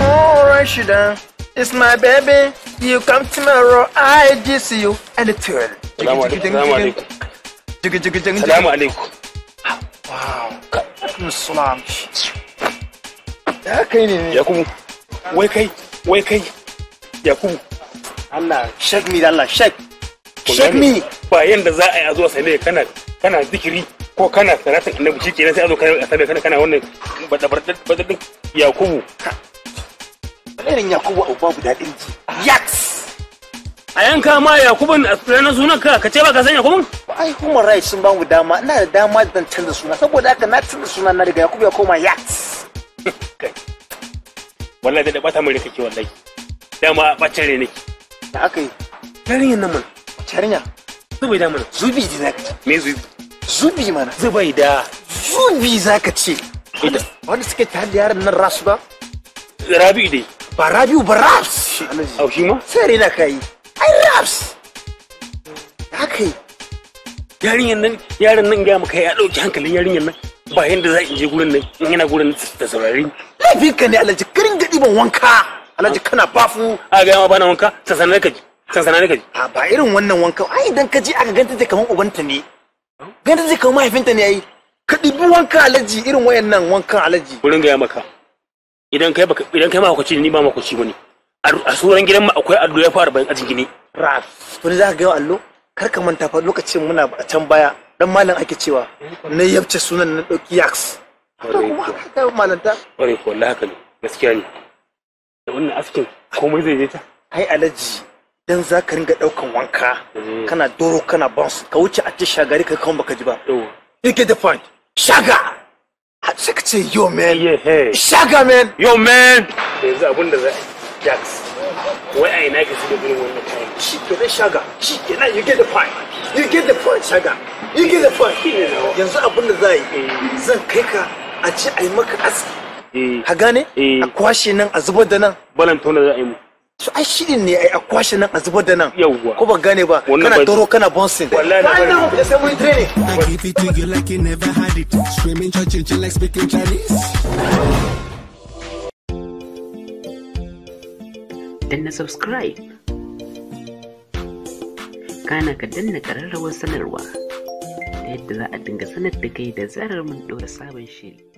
Oh, Rashida, it's my baby. You come tomorrow. I just you and turn. Salamu alaikum. Wow. Salam. Ya kai ne. Ya kuma. Wai kai, wai kai. Ya Allah, shake me da Allah, shake. Shake me. Ba yanda za a yi a zuwa sai kana kana zikiri ko kana annabi shi kenan sai a zo kana kana wannan Yakubu. irin yakubu abu babu daɗin ji yaks a yanka ma yakubu a na sunan ka ka ce ba ka san yakubu ai human rights sun bamu dama ina da dama zan canza suna saboda haka na canza suna na daga yakubu ya koma yaks wallahi da bata mai rikaki wallahi dama bacin rai nake da aka yi yin nan mana yarinya zubi da mana zubi ji ka ce me zubi zubi mana zubai da zubi ka ce wanda suke tare da yaran nan rasu ba rabi dai ba rabiu ba raps au shi ma sai rena ka ai raps haka yi yarinyar nan yaran nan ga maka ya dauki hankalin yarinyar nan ba yanda za in je gurin nan in yana gurin da saurari laifin ka ne alhaji karin gadi ban wanka alhaji kana bafu a ga ma bana wanka sansana ka ji sansana ka ji a ba irin wannan wanka ai idan ka ji aka ganta zai kaman ubanta ne ganta zai kaman mahaifinta ne ai ka ɗibi wanka alaji irin wayannan wankan alaji gurin ga maka idan kai baka idan kai mahaukaci ne ni ba mahaukaci bane a suran gidan mu akwai allo ya fara bayan ajin gini raf wani za ka ga allo kar ka manta fa lokacin muna a can baya dan malam ake cewa na yabce sunan na dauki yaks kuma malanta ware ko wallahi haka ne gaskiya ne da wannan askin komai zai je ta Kai alaji dan za ka ringa daukan wanka mm. kana doro kana bansu ka wuce a ce shagari ka kan baka ji ba yake da point shaga sai ka ce yo man shaga man yo man yanzu abin da za jax wai a ina ka su da gurin wannan kayan shi ke da shaga shi ke na you get the point you get the point shaga you get the point yanzu abin da za yi eh. zan kai ka a ce a yi maka aski eh. ka gane eh. a kwashe nan a zubar da nan balantona tona za a yi mu su ai shirin ne ai a kwashe nan a zubar da nan ko ba gane ba kana doro kana bouncing I give it to you like you never had danna subscribe kana ka danna kararrawar sanarwa ta yadda za a dinga sanar da kai da zarar mun sabon shiri